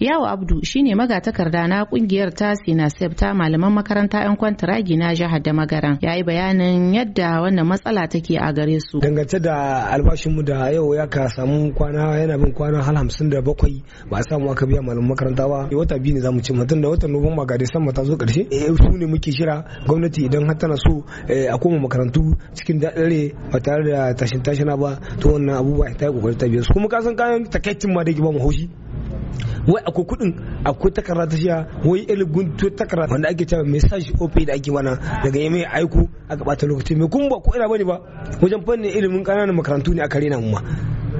Yawo Abdu shine magatakarda na kungiyar ta Sinasef ta malaman makaranta 'yan kwantiragi na jihar da magaran. Ya yi bayanin yadda wannan matsala take a gare su. Dangance da albashinmu da yau ya ka samu kwana yana bin kwana hal hamsin da bakwai ba a samu aka biya malaman makaranta ba. Wata biyu ne zamu ce mutum da watan Nuwamba ga Disamba ta zo eh Su ne muke shira gwamnati idan har tana so eh, a koma makarantu cikin daɗare ba tare da tashin tashina ba to wannan abubuwa ta yi kokari ta biya su. Kuma kasan kayan takaicin ma da ke ba mu haushi. wai akwai kudin akwai takarda ta shiya wai irin guntu takarda wanda ake cewa message op da ake bana daga yamai aiku a gabata lokaci mai kun ba ko ina bane ba wajen fannin ilimin kananan makarantu ne a rena mu ma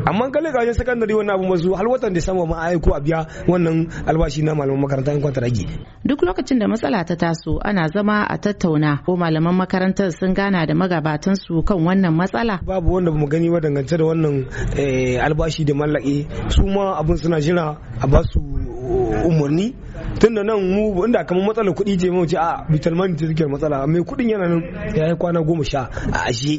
amma kalle ga sakandare wannan abu masu har watan disamba ma aiko a biya wannan albashi na malaman makaranta in kwanta rage duk lokacin da matsala ta taso ana zama a tattauna ko malaman makarantar sun gana da magabatan su kan wannan matsala babu wanda mu gani ba dangance da wannan eh, albashi da mallake su ma abin suna jira a basu umarni tun da nan mu inda kamar matsalar kuɗi je mu ce a bitalmani ta suke matsala mai kuɗin yana nan ya kwana goma sha a ashe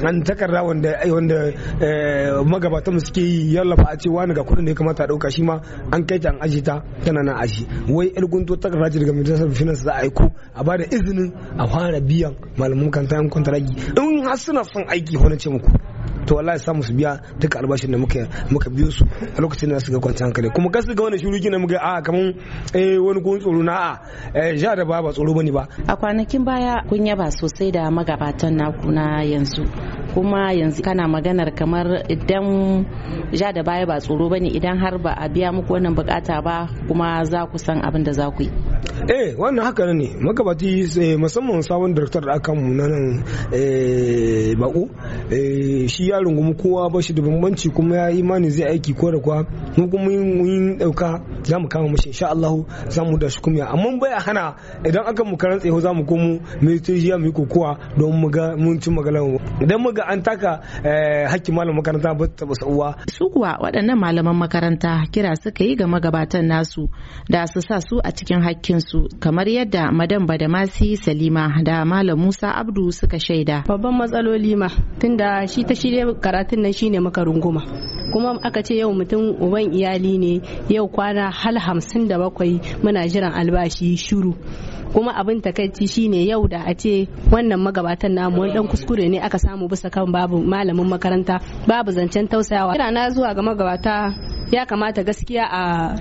an takarda wanda eh, wanda eh, magabatan suke yi yallafa a ce wani ga kudin da ya kamata dauka shi ma an kai ta an aji ta tana nan aji wai yar gunto takarda ce daga majalisar finance za a aiko a ba da izinin a fara biyan malaman kan tayan kwantaragi in har suna son aiki wani ce muku to wallahi sa musu biya duka albashin da muka muka biyo su a lokacin da suka kwanta hankali kuma gaskiya ga wani shiru gina muka a ah, kaman eh wani gun tsoro na a ah, eh, ja da ba ba tsoro bane ba a kwanakin baya kun yaba sosai da magabatan naku na yanzu kuma yanzu kana maganar kamar idan ja da baya ba tsoro bane idan har ba a biya muku wannan bukata ba kuma za ku san abin da za ku yi eh wannan haka ne magabati eh, musamman sabon daraktar da aka na nan eh, bako eh, shi ya rungumi kowa ba shi da bambanci kuma ya imani zai aiki ko da kwa mu kuma mun dauka za mu kama mashi insha Allah za mu da shi kuma amma bai hana idan aka mu karan za mu komo mu tijiya mu kokowa don mu ga mun ci magalan idan mu ga an taka hakkin malam makaranta ba ta ba sauwa su kuwa waɗannan malaman makaranta kira suka yi ga magabatan nasu da su sa su a cikin hakkin su kamar yadda madan badamasi salima da malam musa abdu suka shaida babban matsaloli ma tunda shi ta shirya karatun nan shine maka runguma kuma aka ce yau mutum uban iyali ne yau kwana hal hamsin da bakwai muna jiran albashi shuru kuma abin takaici shine yau da a ce wannan magabatan namu wani dan kuskure ne aka samu bisa kan babu malamin makaranta babu zancen tausayawa kira na zuwa ga magabata ya kamata gaskiya a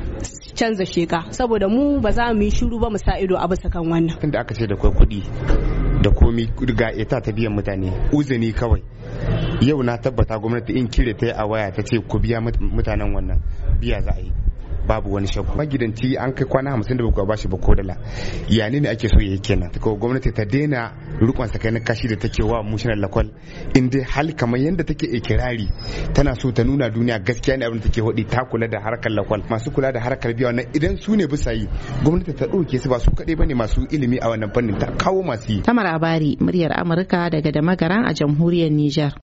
canza sheka saboda mu ba za mu yi shiru ba mu sa ido a bisa kan wannan tunda aka ce da kai kuɗi da komi ga ita ta biyan mutane uzini kawai yau na tabbata gwamnati in kire ta yi a waya ta ce ku biya mutanen wannan biya za a yi babu wani shakku magidanci an kai kwana hamsin da bashi ba ko dala ya ne ake so yayi kenan ko gwamnati ta daina rukun sakanin kashi da take wa mushinan lakwal in dai hal kamar yadda take ikirari tana so ta nuna duniya gaskiya ne abin da take hodi ta kula da harkar lakwal masu kula da harkar biya wannan idan su ne bisa yi gwamnati ta ɗauke su ba su kaɗai bane masu ilimi a wannan fannin ta kawo masu yi. kamar Abari muryar Amurka daga da magaran a jamhuriyar Nijar.